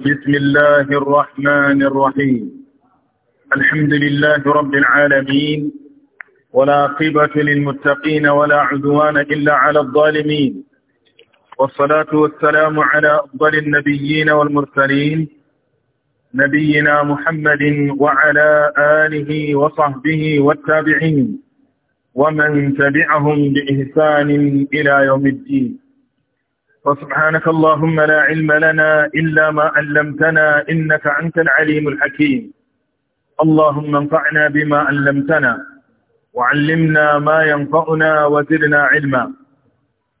بسم الله الرحمن الرحيم الحمد لله رب العالمين ولا قبة للمتقين ولا عدوان إلا على الظالمين والصلاة والسلام على أفضل النبيين والمرسلين نبينا محمد وعلى آله وصحبه والتابعين ومن تبعهم بإحسان إلى يوم الدين وسبحانك اللهم لا علم لنا إلا ما علمتنا إنك أنت العليم الحكيم اللهم انفعنا بما علمتنا وعلمنا ما ينفعنا وزدنا علما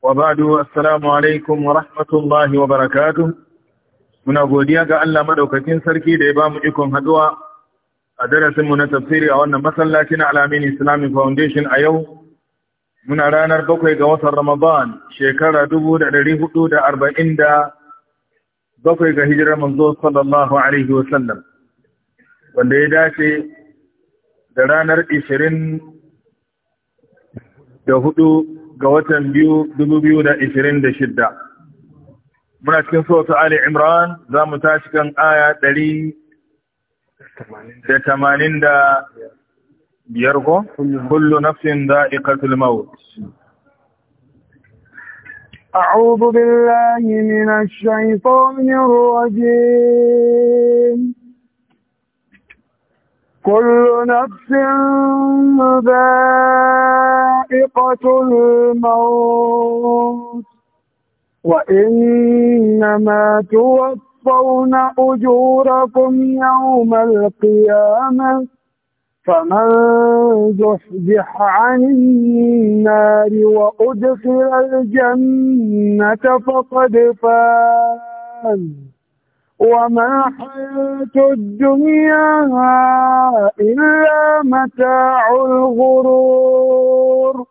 وبعد السلام عليكم ورحمة الله وبركاته muna godiya ga Allah madaukakin sarki da ya ba mu ikon haduwa a darasinmu na tafsiri a wannan masallacin Alamin Islamic Foundation a yau muna ranar bakwai ga watan Ramadan shekara dubu da ɗari hudu da arba'in da bakwai ga hijirar manzo sallallahu Alaihi wasallam wanda ya dace da ranar ishirin da hudu ga watan biyu dubu biyu da ishirin da shidda. Muna cikin sautu Ali Imran za mu tashi kan aya ɗari da tamanin da biyar كل نفس ذائقة الموت أعوذ بالله من الشيطان الرجيم كل نفس ذائقة الموت وإنما توفون أجوركم يوم القيامة فمن زحزح عن النار وأدخل الجنة فقد فاز وما حياة الدنيا إلا متاع الغرور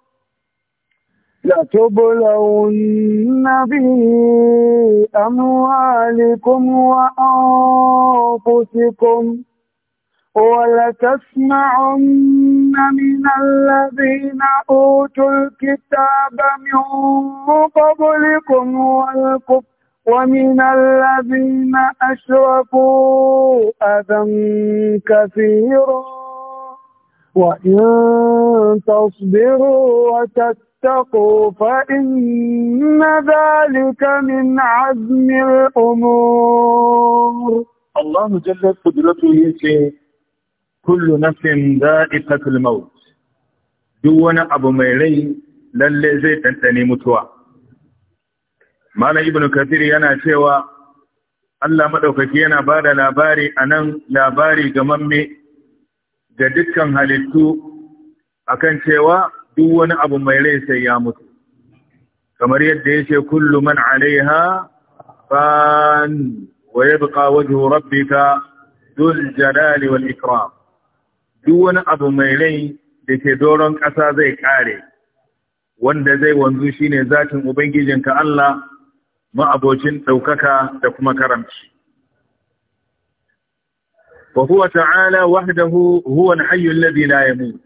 لتبلون به أموالكم وأنفسكم ولتسمعن من الذين أوتوا الكتاب من قبلكم والكفر ومن الذين أشركوا أذى كثيرا وإن تصبروا وتتقوا فإن ذلك من عزم الأمور الله جل قدرته kullu nafsin za'iqatul maut duk wani abu mai rai lalle zai tantane mutuwa malam ibnu kathir yana cewa Allah madaukaki yana bada labari anan labari ga mamme ga dukkan halittu akan cewa duk wani abu mai rai sai ya mutu kamar yadda yake kullu man alaiha fan wa yabqa wajhu rabbika dul jalali wal ikram duk wani abu mai rai da ke doron ƙasa zai ƙare, wanda zai wanzu shine zatin Ubangijinka Allah ma'abocin ɗaukaka da kuma karamci. fahuwa ta'ala wahdahu huwan hayyun hayy alladhi la yamut.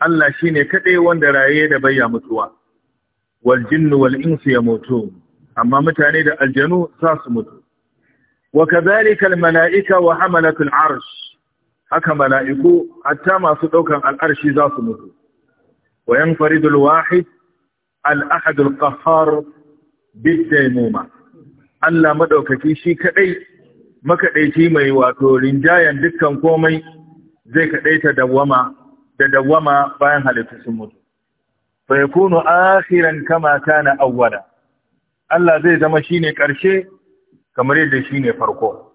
Allah shi ne kaɗe wanda raye da bayya mutuwa. Wal jinnu wal insu mutu, Amma mutane da aljanu za su mutu. Wa kadhalika al-mala'ika wa hamalatul arsh haka mala'iku hatta masu ɗaukan al'arshi za su mutu wa yan faridul wahid al'ahadul ƙafar noma. Allah maɗaukaki shi kaɗai makaɗaici mai wato rinjayen dukkan komai zai kaɗaita dawama da dawwama bayan halittu sun mutu fa yakunu akhiran kama na awwala Allah zai zama shine ƙarshe kamar yadda shine farko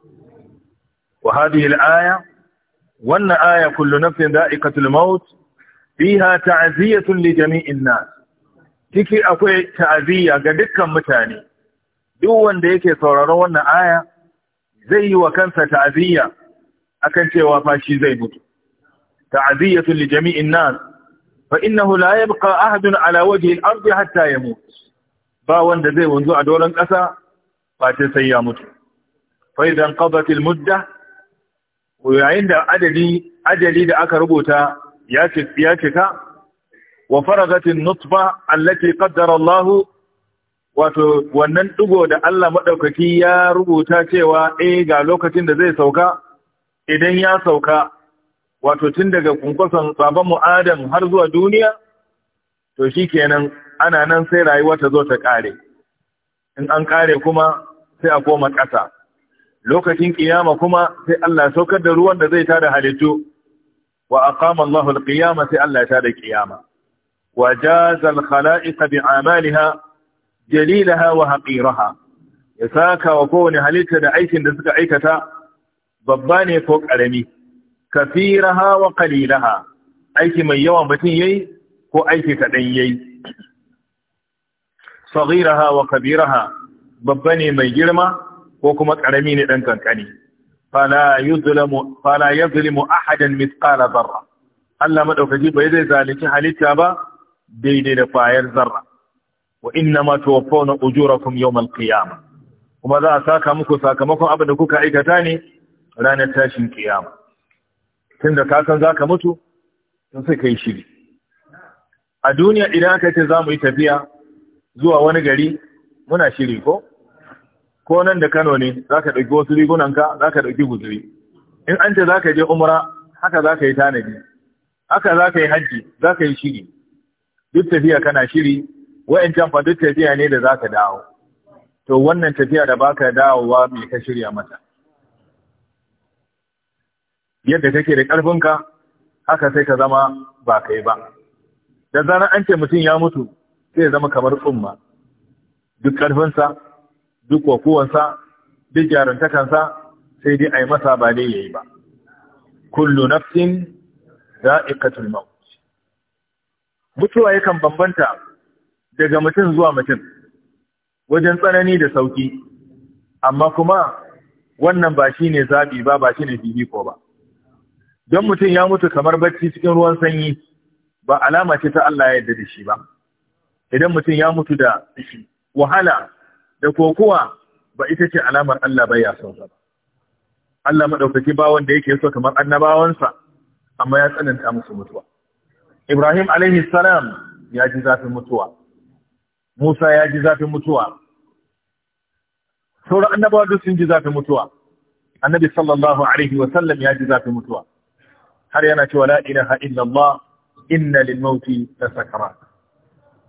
wa hadhihi aya wannan aya kullu nafsin da'iqatul maut fiha ta'ziyatun li jami'in nas ciki akwai ta'ziya ga dukkan mutane duk wanda yake sauraron wannan aya zai yi wa kansa ta'ziya akan cewa fashi zai mutu ta'ziyatun li jami'in nas fa innahu la yabqa ahadun ala wajhi al-ardi hatta yamut ba wanda zai wanzu a doron ƙasa ba sai ya mutu fa idan qadat muddah yayin da adadi ajali da aka rubuta ya cika wa faragatin nutfa allati qaddara Allah wato wannan ɗigo da Allah madaukaki ya rubuta cewa eh ga lokacin da zai sauka idan ya sauka wato tun daga kunkusan baban mu Adam har zuwa duniya to shikenan ana nan sai rayuwa ta zo ta kare in an kare kuma sai a koma ƙasa lokacin kiyama kuma sai Allah saukar da ruwan da zai tada halittu wa aqama Allahu al-qiyama sai Allah tada kiyama wa jaza al-khala'iq bi amaliha jalilaha wa haqiraha ya sakawa wa kowane halitta da aikin da suka aikata babba ne ko karami kafiraha wa qalilaha aiki mai yawa mutum yayi ko aiki kadan yayi saghiraha wa kabiraha babba ne mai girma ko kuma karami ne dan kankani fala ya fala ahadan mithqala dharra Allah madaukaki bai zai zalunci halitta ba daidai da fayar zarra wa innama na ujurakum yawmal qiyamah kuma za a saka muku sakamakon abin da kuka aikata ne ranar tashin kiyama tunda ka za ka mutu sun sai yi shiri a duniya idan aka ce za mu yi tafiya zuwa wani gari muna shiri ko ko nan da Kano ne za ka ɗauki wasu rigunanka za ka ɗauki guzuri in an ce za ka je umra haka za ka yi tanadi haka za ka yi hajji za ka yi shiri duk tafiya kana shiri wa'ancan fa duk tafiya ne da za ka dawo to wannan tafiya da baka dawowa me ka shirya mata yadda kake da ƙarfinka haka sai ka zama ba kai ba da zarar an ce mutum ya mutu sai ya zama kamar tsumma duk ƙarfinsa duk kokowansa duk jarantakansa sai dai a yi masa ba dai yi ba kullu nafsin ika maut mutuwa yakan bambanta daga mutum zuwa mutum wajen tsanani da sauki amma kuma wannan ba shi ne zabi ba ba shi ne fifiko ba don mutum ya mutu kamar bacci cikin ruwan sanyi ba alama ce ta Allah ya yarda da shi ba idan mutum ya mutu da wahala da kokowa ba ita ce alamar Allah bai ya son ba. Allah madaukaki ba wanda yake so kamar annabawansa amma ya tsananta musu mutuwa Ibrahim alaihi salam ya ji zafin mutuwa Musa ya ji zafin mutuwa sauran annabawa duk sun ji zafin mutuwa annabi sallallahu alaihi wa sallam ya ji zafin mutuwa har yana cewa la ilaha illallah inna lil mauti la sakarat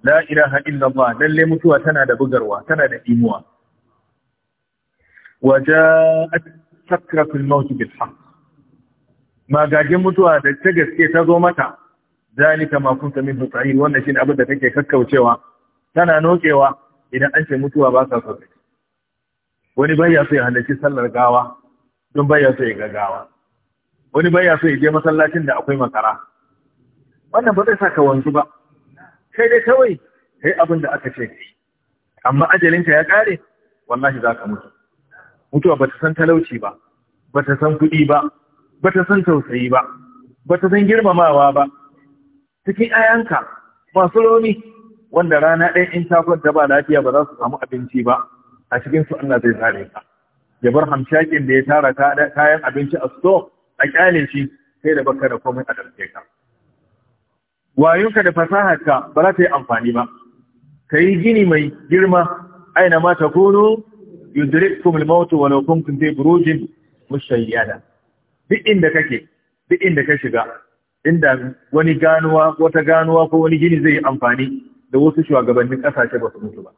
la ilaha illallah lalle mutuwa tana da bugarwa tana da imuwa waja'at sakratul maut bil haqq magajin mutuwa da ta gaske ta zo mata zalika ma kunta min ta'in wannan shine abin da take kakkaucewa tana nokewa idan an ce mutuwa ba sa so wani baya so ya halarci sallar gawa don baya so ya ga gawa wani baya so ya je masallacin da akwai makara wannan ba zai saka wanzu ba kai dai kawai kai abin da aka ce kai amma ajalinka ya kare wallahi za ka mutu mutuwa ba ta san talauci ba ba ta san kuɗi ba ba ta san tausayi ba ba ta san girmamawa ba cikin 'ya'yanka masu romi. wanda rana ɗaya in ta kwanta ba lafiya ba za su samu abinci ba a cikin su Allah zai tsare ka ya bar hamshakin da ya tara kayan abinci a store a kyale shi sai da baka da komai a ɗauke ka wayonka da fasaharka ba za ta yi amfani ba ka yi gini mai girma aina ma ta kono yudrikkum al-maut walau kuntum fi burujin mushayyada duk inda kake duk inda ka shiga inda wani ganuwa wata ganuwa ko wani gini zai yi amfani da wasu shugabannin ƙasashe ba su mutu ba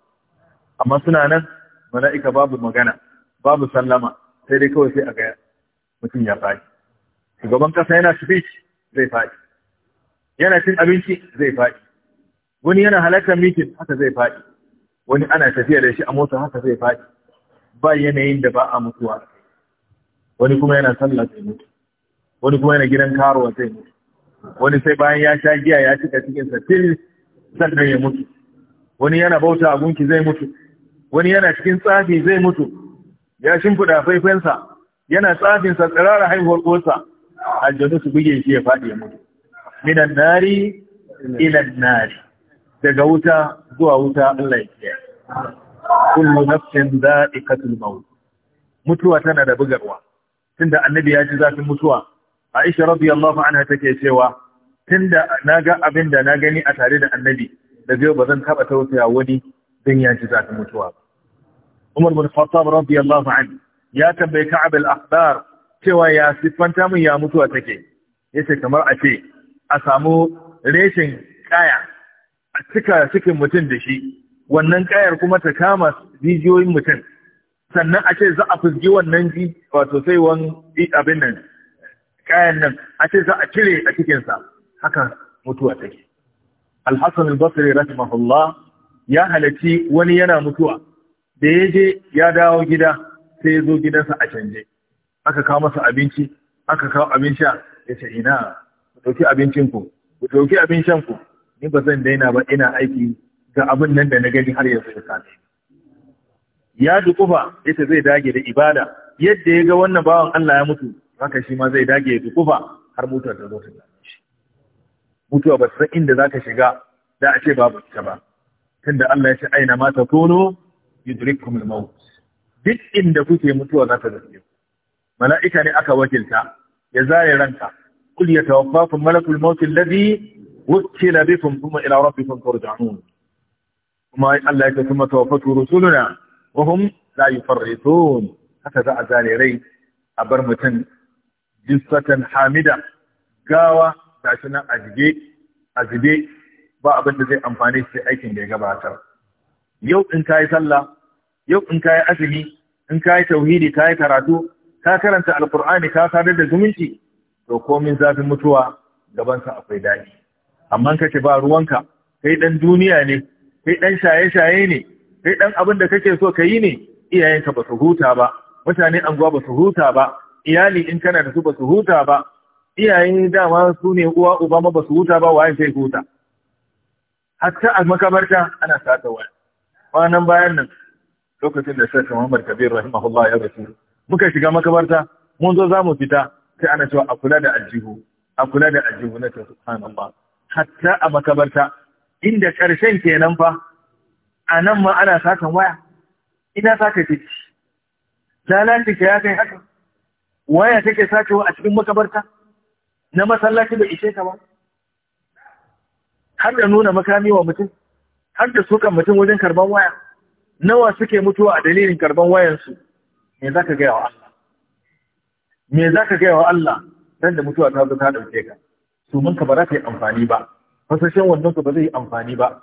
amma suna nan mala'ika babu magana babu sallama sai dai kawai sai a ga mutum ya faɗi shugaban ƙasa yana speech zai faɗi yana cin abinci zai faɗi wani yana halartar mitin haka zai faɗi wani ana tafiya da shi a mota haka zai faɗi ba yanayin da ba a mutuwa wani kuma yana sallah zai mutu wani kuma yana gidan karuwa zai mutu wani sai bayan ya sha giya ya cika cikin sa til sannan ya mutu wani yana bauta a gunki zai mutu wani yana cikin tsafi zai mutu ya shimfiɗa faifensa yana tsafinsa tsirara haihuwar kosa aljanu su buge shi ya faɗi ya mutu minan nari ilan nari daga wuta zuwa wuta Allah ya kiyaye kullu nafsin za'iqatul maut mutuwa tana da bugarwa tunda annabi ya ji zafin mutuwa Aisha radiyallahu anha take cewa tunda naga abin da na gani a tare da annabi da zai bazan taba tausaya wani dan ya ji zafin mutuwa Umar bin Khattab radiyallahu anhu ya tambayi Ka'ab al cewa ya siffanta min ya mutuwa take yace kamar a ce a samu reshen kaya a cika cikin mutum da shi wannan kayar kuma ta kama jijiyoyin mutum sannan a ce za a fuzgi wannan ji wato sai wan abin nan kayan nan a ce za a cire a cikinsa haka mutuwa take alhassan albasri rahimahullah ya halarci wani yana mutuwa da ya je ya dawo gida sai ya zo gidansa a canje aka kawo masa abinci aka kawo abin sha ya ce ina ɗauki abincin ku ku ɗauki abin ku. ni ba zan daina ba ina aiki ga abin nan da na gani har yanzu ya same ya dukufa ita zai dage da ibada yadda ya ga wannan bawan Allah ya mutu haka shi ma zai dage ya dukufa har mutuwar da zo ta shi mutuwa ba san inda zaka shiga da a ce babu ita ba tunda Allah ya ce aina ma takunu yudrikum al-maut duk inda kuke mutuwa za ta mala'ika ne aka wakilta ya zaye ranka قل يتوفاكم ملك الموت الذي وكل بكم ثم إلى ربكم ترجعون وما الله ثم توفته رسولنا وهم لا يفرطون هكذا أزالي ري أبرمتن جثة حامدة gawa ga shi nan a ba abin da zai amfani sai aikin da ya gabatar yau in ka yi sallah yau in ka yi azumi in ka yi tauhidi ka yi karatu ka karanta alkur'ani ka sadar da zumunci to komin zafin mutuwa gabansa akwai daɗi amma ce ba ruwanka kai dan duniya ne kai dan shaye-shaye ne kai dan abin da kake so ka yi ne iyayenka ba su huta ba mutane anguwa ba su huta ba iyali in kana da su ba su huta ba iyaye dama su ne uwa uba ma ba su huta ba waye sai huta hatta a makabarta ana sata waya kwanan bayan nan lokacin da sai Muhammad Kabir rahimahullah ya rasu muka shiga makabarta mun zo za mu fita sai ana cewa a kula da aljihu a kula da aljihu na ba hatta a makabarta inda ƙarshen kenan fa a nan ma ana sakan waya ina saka take lalace ka ya kai haka waya take sakewa a cikin makabarta na masallaci da ishe ka ba har da nuna makami wa mutum har da sukan mutum wajen karban waya nawa suke mutuwa a dalilin karban wayansu me zaka gaya wa Allah me za ka gaya wa Allah nan da mutuwa ta zo ta ɗauke ka suman ka ba za ta yi amfani ba fasashen wannan ka ba zai yi amfani ba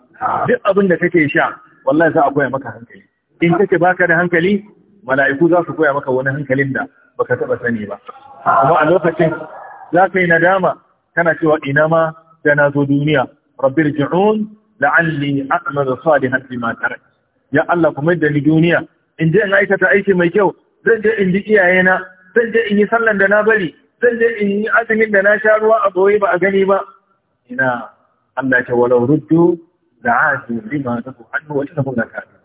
duk abin da kake sha wallahi za a koya maka hankali in kake baka da hankali mala'iku za su koya maka wani hankalin da baka taba sani ba amma a lokacin za ka yi nadama kana cewa ina ma da na zo duniya rabbir ji'un la'alli a'malu salihan bima tarak ya Allah kuma da ni duniya in je in aikata aiki mai kyau zan je in ji iyayena zan je in yi sallan da na bari zan je in yi azumin da na sha ruwa a boye ba a gani ba ina Allah ta walau ruddu da azu lima hannu annu wa innahu lakadib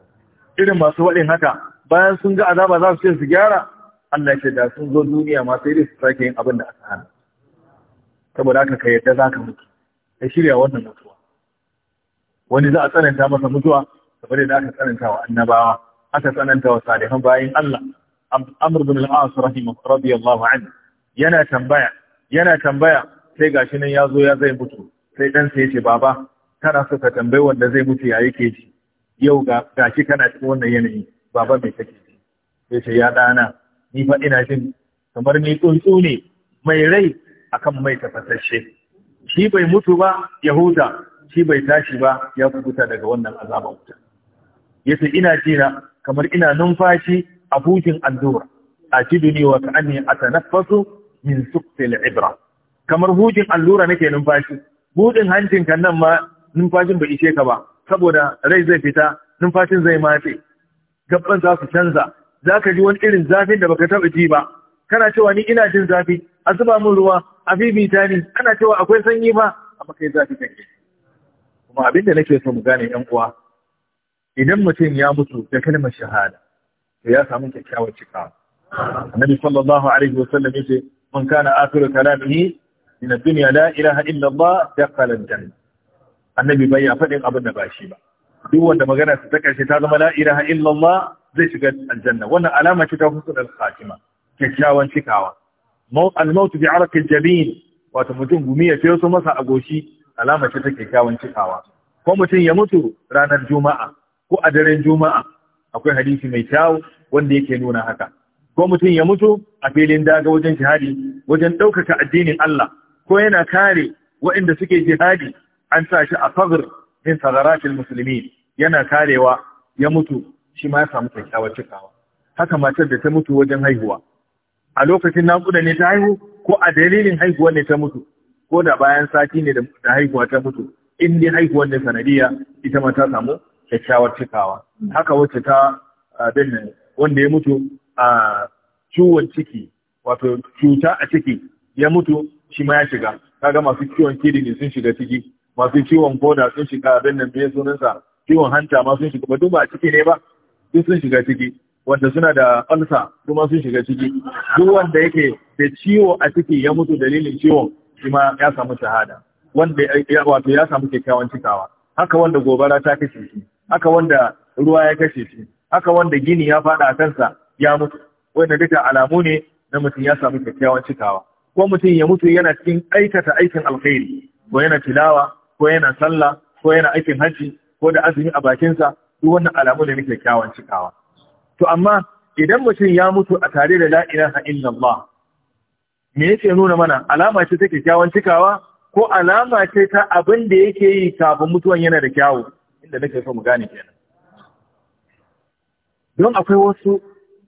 irin masu wadin haka bayan sun ga azaba za su ce su gyara Allah ya da sun zo duniya ma sai su sake yin abin da aka hana saboda haka ka yadda zaka mutu ka shirya wannan mutuwa wani za a tsananta masa mutuwa saboda da aka tsananta wa annabawa aka tsananta wa salihan bayin Allah amr bin al’as as radiyallahu anhu yana tambaya yana tambaya sai gashi nan ya zo ya zai mutu sai dan sai yace baba kana so ka tambayi wanda zai mutu ya yake ji yau ga gashi kana cikin wannan yanayi baba mai kake ji sai ce ya dana ni fa ina jin kamar ni tsuntsu ne mai rai akan mai tafasasshe. shi bai mutu ba ya huta shi bai tashi ba ya kubuta daga wannan azaban wuta yace ina jina kamar ina numfashi abokin allura a ne wa ne a tanaffasu min suktil ibra kamar hujin allura nake numfashi hudin hancin kan nan ma numfashin bai ishe ka ba saboda rai zai fita numfashin zai matse gaban za su canza za ka ji wani irin zafin da baka taba ji ba kana cewa ni ina jin zafi a zuba min ruwa a bibita ni ana cewa akwai sanyi ba amma kai zafi kan kuma abin da nake so mu gane yan uwa idan mutum ya mutu da kalmar shahada ya samu kyakkyawar cika annabi sallallahu alaihi wasallam yace man kana akhiru kalamihi min ad-dunya la ilaha illa Allah dakhala al-janna annabi bai ya fadin abin da ba shi ba duk wanda magana sa ta karshe ta zama la ilaha illa Allah zai shiga aljanna wannan alama ce ta husnul al-khatima kyakkyawan cikawa al-maut bi arq al-jabin wato mutum gumi ya fiye su masa a goshi alama ce ta kyakkyawan cikawa ko mutum ya mutu ranar juma'a ko a daren juma'a akwai hadisi mai kyawu wanda yake nuna haka ko mutum ya mutu a filin daga wajen jihadi wajen ɗaukaka addinin Allah ko yana kare waɗanda suke jihadi an sa shi a fagr min sagaratil musulmi yana karewa ya mutu shi ma ya samu kyakkyawar cikawa haka matar da ta mutu wajen haihuwa a lokacin naƙuda ne ta haihu ko a dalilin haihuwa ne ta mutu ko da bayan sati ne da haihuwa ta mutu in dai haihuwar ne sanadiyya ita ma ta samu kyakkyawar cikawa haka wacce ta abin wanda ya mutu a ciwon ciki wato cuta a ciki ya mutu shi ma ya shiga kaga masu ciwon kidney sun shiga ciki masu ciwon koda sun shiga abin nan bai sunansa ciwon hanta ma sun shiga ba duba a ciki ne ba duk sun shiga ciki wanda suna da alsa kuma sun shiga ciki duk wanda yake da ciwo a ciki ya mutu dalilin ciwon shi ma ya samu shahada wanda wato ya samu kyakkyawan cikawa haka wanda gobara ta kashe shi haka wanda ruwa ya kashe shi haka wanda gini ya fada a kansa ya mutu wanda duka alamu ne na mutum ya samu kyakkyawan cikawa ko mutum ya mutu yana cikin aikata aikin alkhairi ko yana tilawa ko yana sallah ko yana aikin hajji ko da azumi a bakinsa duk wannan alamu ne na kyakkyawan cikawa to amma idan mutum ya mutu a tare da la ilaha illallah me yake nuna mana alama ce ta kyakkyawan cikawa ko alama ce ta abin da yake yi kafin mutuwan yana da kyawu inda nake so mu gane kenan don akwai wasu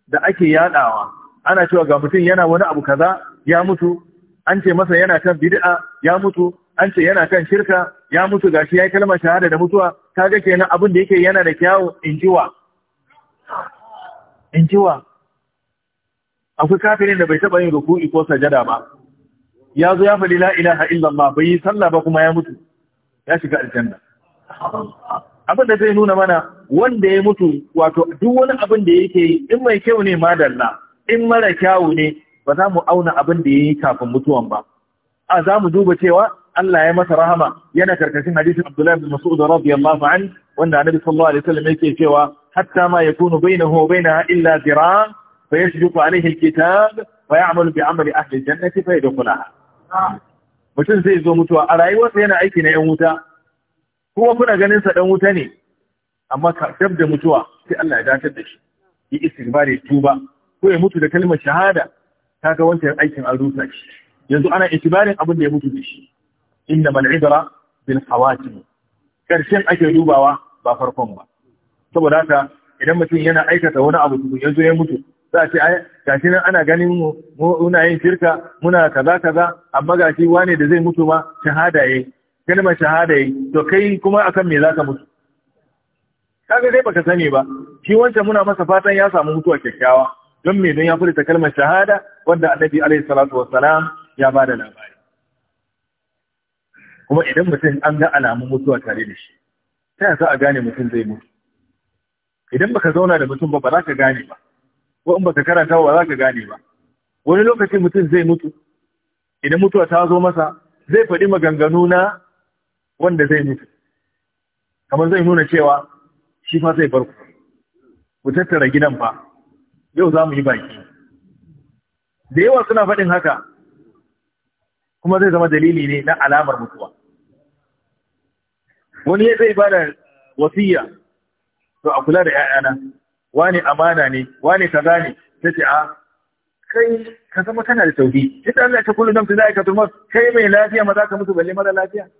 da ake yadawa ana cewa ga mutum yana wani abu kaza ya mutu an ce masa yana kan bid'a ya mutu an ce yana kan shirka ya mutu gashi yayi kalmar shahada da mutuwa kaga kenan abin da yake yana da kyawu injiwa injiwa akwai kafirin da bai taba yin ruku'i ko sajada ba ya zo ya faɗi la ilaha illallah bai yi sallah ba kuma ya mutu ya shiga aljanna abin da zai nuna mana wanda ya mutu wato duk wani abin da yake yi in mai kyau ne madalla in mara kyawu ne ba za mu auna abin da ya yi kafin mutuwan ba a za mu duba cewa Allah ya masa rahama yana karkashin hadisin Abdullahi bin Mas'ud radiyallahu an wanda Annabi sallallahu alaihi wasallam yake cewa hatta ma yakunu bainahu wa bainaha illa zira'an fa yasbiqu alaihi alkitab fa ya'malu bi amri ahli aljannati fa yadkhulaha mutum zai zo mutuwa a rayuwarsa yana aiki na yan wuta kuma kuna ganin sa dan wuta ne amma kafin da mutuwa sai Allah ya dace da shi yi istighfari tuba ko ya mutu da kalmar shahada kaga wancan aikin an shi yanzu ana itibarin abin da ya mutu da shi inna mal ibra bil khawatim karshen ake dubawa ba farkon ba saboda haka idan mutum yana aikata wani abu yanzu ya mutu za a ce gashi nan ana ganin mu muna yin shirka muna kaza kaza amma gashi wane da zai mutu ma shahada yayi kalmar shahada yi to kai kuma akan me zaka mutu kaga dai baka sani ba shi wancan muna masa fatan ya samu mutuwa kyakkyawa don me don ya furta kalmar shahada wanda annabi alaihi salatu wassalam ya bada labari kuma idan mutum an ga alamun mutuwa tare da shi ta yasa a gane mutum zai mutu idan baka zauna da mutum ba ba za ka gane ba ko in baka karanta ba za ka gane ba wani lokaci mutum zai mutu idan mutuwa ta zo masa zai faɗi maganganu na wanda zai mutu kamar zai nuna cewa shi fa zai bar ku tattara gidan fa yau za mu yi baki da yawa suna faɗin haka kuma zai zama dalili ne na alamar mutuwa wani ya zai bada wasiya to a kula da 'ya'yana wani amana ne wani kaza ne ta ce a kai ka zama kana da sauki ita Allah ta kullu nafsi za'ika tumut kai mai lafiya ma za ka mutu balle mara lafiya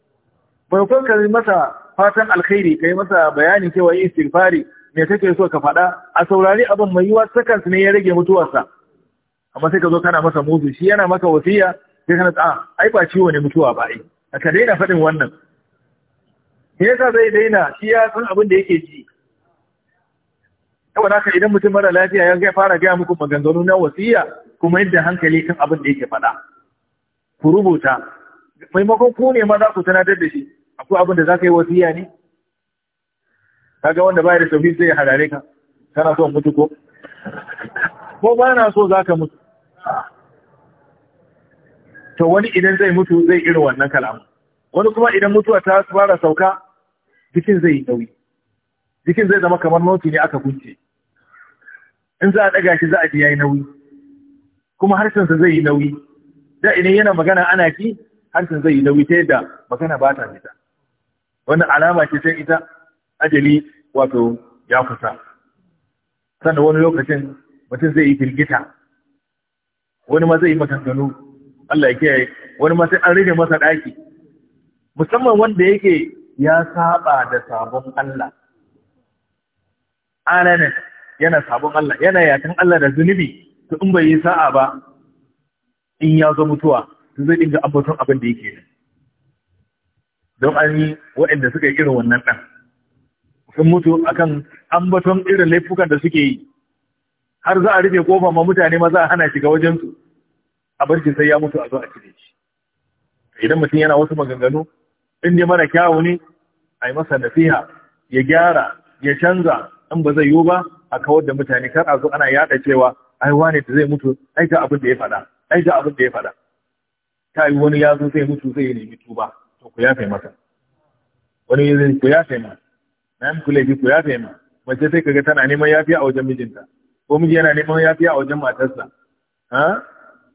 farkon ka yi masa fatan alkhairi ka yi masa bayanin cewa yi istighfari me kake so ka faɗa a saurari abin mai yiwa sakan ne ya rage mutuwarsa amma sai ka zo kana masa mutu shi yana maka wasiya sai kana a ah, ai ba ciwo ne mutuwa ba ai ka daina faɗin wannan me yasa zai daina shi ya san abin da yake ji saboda haka idan mutum mara lafiya ya fara gaya muku maganganu na wasiya kuma yadda hankali kan abin da yake faɗa ku rubuta maimakon ku ne ma za ku sanadar da shi akwai abin da za ka yi wasiya ne kaga wanda baya da tauhid zai harare ka kana so mutu ko ko ba na so za ka mutu to wani idan zai mutu zai irin wannan kalamu wani kuma idan mutuwa ta fara sauka jikin zai yi nauyi jikin zai zama kamar noti ne aka kunce in za a ɗaga shi za a ji yayi nauyi kuma harshensa zai yi nauyi da idan yana magana ana ki hancin zai yi nauyi ta yadda magana ba ta fita Wani alama ce ta ita ajali wato ya kusa sannan wani lokacin mutum zai yi firgita wani ma zai yi matanganu Allah ya kiyaye wani ma sai an rage masa ɗaki musamman wanda yake ya saba da sabon Allah ananan yana sabon Allah yana yakin Allah da zunubi to in bai yi sa'a ba in ya zo mutuwa su zai dinga ambaton abin da yake don an yi waɗanda suka yi irin wannan ɗan sun mutu akan ambaton irin laifukan da suke yi har za a rufe kofa ma mutane ma za a hana shiga wajensu a barci sai ya mutu a zo a cire shi idan mutum yana wasu maganganu in dai mara kyawu ne a yi masa nasiha ya gyara ya canza in ba zai yiwu ba a kawar da mutane kar a zo ana yaɗa cewa ai wane da zai mutu ai ga abin da ya faɗa ai ga abin da ya faɗa ta yi wani ya zo sai mutu zai nemi tuba to ku yafe masa wani ya zai ku yafe ma na yi ku laifi ku yafe ma mace sai kaga tana neman yafiya a wajen mijinta ko miji yana neman yafiya a wajen matarsa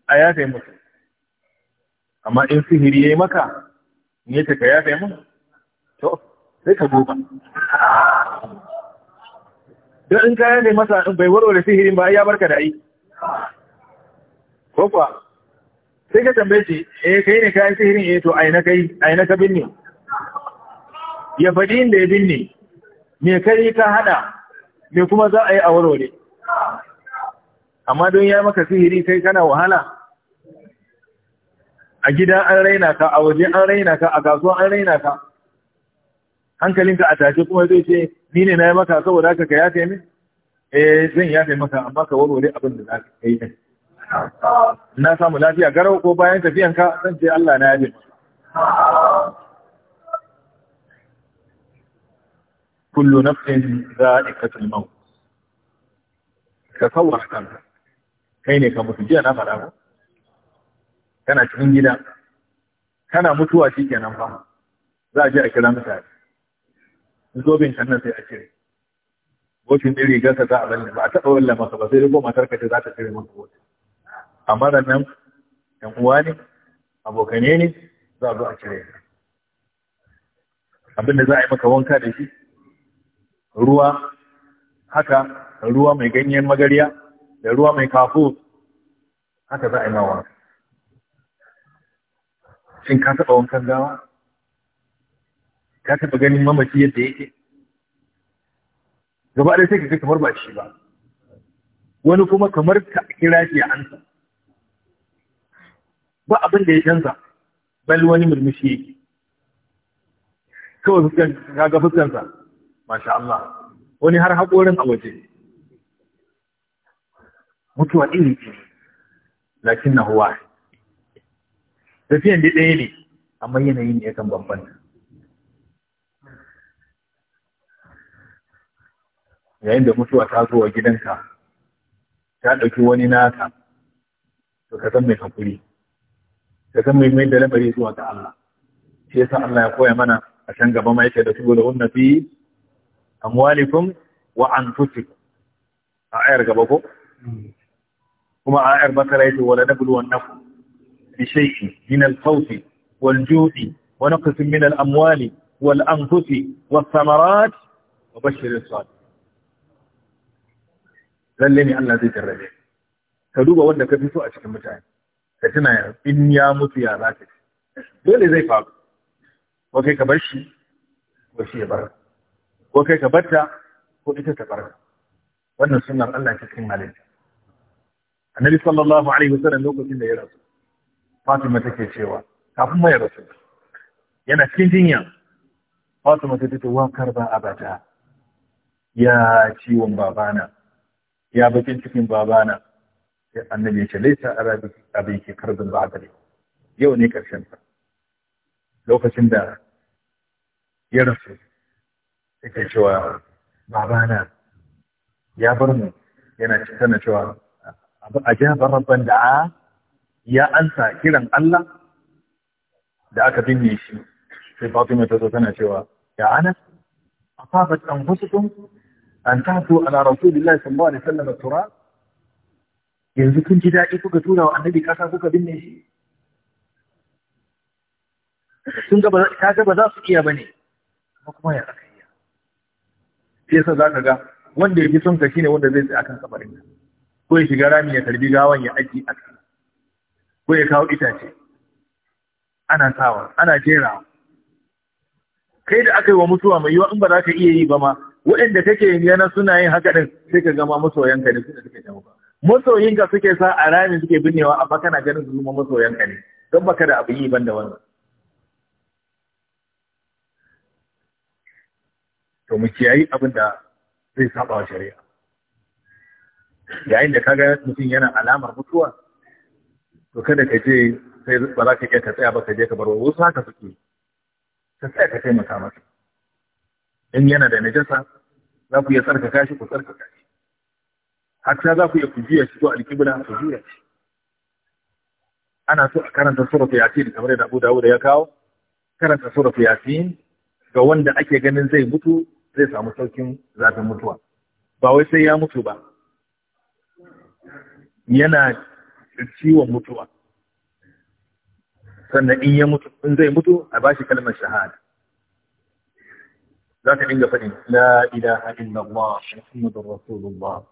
a yafe masa amma in sihiri yayi maka in ta ka yafe mu to sai ka goba don in ka yafe masa in bai warware sihirin ba ya barka da ai ko kuwa sai ka tambaye shi eh kai ne kai sihirin eh to aina kai aina ka binne ya faɗi inda ya binne me kai ka hada me kuma za a yi a warware amma don ya maka sihiri kai kana wahala a gida an raina ka a waje an raina ka a kasuwa an raina ka hankalinka a tashi kuma zai ce ni ne na yi maka saboda haka ka yafe min eh zan yafe maka amma ka warware abin da za ka yi na samu lafiya garau ko bayan tafiyanka zan ce Allah na yaje kullu nafsin za'iqatul maut ka tsawar kanka kai ne ka mutu jiya na fara ko kana cikin gida kana mutuwa shi nan fa za a je a kira mutane zobin kan nan sai a cire bokin ɗin rigarsa za a balle ba a taɓa wallafa ba sai dai ko matar ka ce za ta cire maka bokin a mara nan ‘yan uwa ne abokane ne za a zo a cire abinda za a yi maka wanka da shi ruwa haka ruwa mai ganyen magariya da ruwa mai kafo haka za a yi mawa shin ka taɓa wankan gawa ka taɓa ganin mamaci yadda yake gaba ɗaya sai ka kamar ba shi ba wani kuma kamar ka kira shi a ansa ba abin da ya canza bal wani murmushi yake kawai fuskan kaga fuskansa masha Allah wani har haƙorin a waje mutuwa iri ce lakin na huwa tafiyan da ɗaya ne amma yanayin ne kan bambanta yayin da mutuwa ta zo wa gidanka ta ɗauki wani nata to ka san mai hakuri da zan mai mai da lamari zuwa ga Allah shi yasa Allah ya koya mana a can gaba ma yake da su da wannan fi amwalikum wa anfusikum a ayar gaba ko kuma a ayar bakara yake wala nablu wan nafu bi shay'in min al-khawf wal ju'i wa naqs min al-amwali wal anfusi was samarat wa bashir as-sabir lalle ne Allah zai tarrabe ka duba wanda ka fi so a cikin mutane ka tuna in ya mutu ya za ka dole zai faru ko kai ka bar shi ko shi ya bar ko kai ka bar ta, ko ita ta bar wannan sunnar Allah cikin halitta annabi sallallahu alaihi wasallam lokacin da ya rasu Fatima take cewa kafin mai rasu yana cikin jinya Fatima ta tace wa karba abata ya ciwon babana ya bakin cikin babana annabi ya ce laisa arabi abin ke karbin ba yau ne karshen sa lokacin da ya rasu yake cewa babana ya bar mu yana tana cewa a jihar rabban da'a ya ansa kiran Allah da aka binne shi sai Fatima ta zo tana cewa ya ana afabat anfusukum an tahdu ala rasulillahi sallallahu alaihi wasallam turab yanzu kun ji daɗi kuka tura wa annabi kasa kuka binne shi sun gaba ta gaba za su iya ba ne kuma ya aka iya shi yasa za ka ga wanda ya fi son ka shine wanda zai tsaye akan kamarin ka. ko ya shiga rami ya karbi gawan ya aji a kan ko ya kawo itace ana sawa ana jerawa kai da aka yi wa mutuwa mai yiwa in ba za ka iya yi ba ma waɗanda kake yana suna yin haka ɗin sai ka gama masoyanka ne suna suka jawo ba ka suke sa a rami suke binnewa amma kana ganin su masoyan ka ne don baka da abin yi ban da wannan to mu kiyayi abin da zai saba wa shari'a yayin da kaga mutum yana alamar mutuwa to kada ka je sai ba za ka iya ka tsaya ba ka je ka bar wasu haka suke ka tsaya ka taimaka masa in yana da najasa za ku iya tsarkaka shi ku tsarkaka hatta za ku iya kujiya shi ko alƙibla kujiya ce ana so a karanta suratu yasin kamar da Abu Dawud ya kawo karanta suratu yasin ga wanda ake ganin zai mutu zai samu saukin zafin mutuwa ba wai sai ya mutu ba yana ciwon mutuwa sannan in ya mutu in zai mutu a bashi kalmar shahada za ka dinga faɗin la ilaha illallah muhammadur rasulullah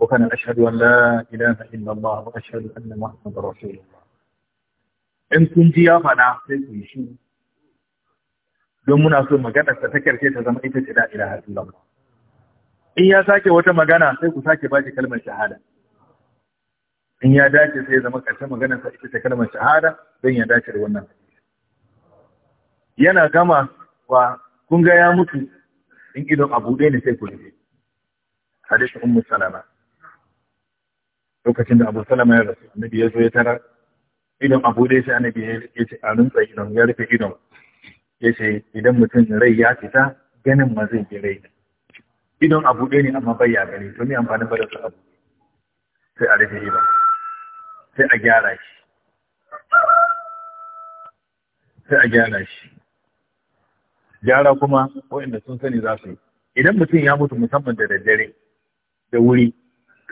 وكان أشهد أن لا إله إلا الله وأشهد أن محمد رسول الله إن كنت يا فنا سيكون شيء don muna so magana ta karke ta zama ita ce la ilaha illallah in ya sake wata magana sai ku sake ba shi kalmar shahada in ya dace sai zama ƙarshen maganar ita ta kalmar shahada don ya dace da wannan yana gama wa kun ga ya mutu in idon abu ɗaya ne sai ku rufe hadisi ummu salama lokacin da Abu Salama ya rasu annabi ya zo ya tarar Idan abu dai sai annabi ya ce a rinsa idan ya rufe idan ya ce idan mutum rai ya fita ganin ma zai bi rai Idan abu ɗaya ne amma bai ya gani to ni amfanin ba da su abu sai a rufe idan sai a gyara shi sai a gyara shi gyara kuma waɗanda sun sani za su yi idan mutum ya mutu musamman da daddare da wuri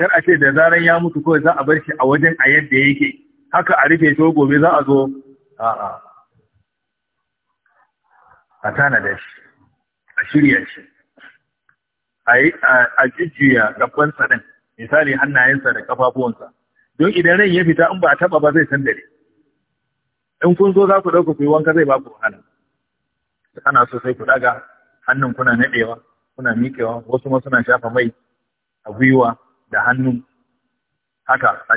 kar a ce da zaran ya mutu kawai za a bar shi a wajen a yadda yake haka a rufe to gobe za a zo a'a a tanada shi a shirya shi a jijjiya gabansa din misali hannayensa da kafafuwansa don idan rai ya fita in ba a taba ba zai san dare in kun zo za ku dauka ku yi wanka zai ba ku wahala ana so sai ku daga hannun kuna nadewa kuna miƙewa wasu ma suna shafa mai a gwiwa da hannu haka a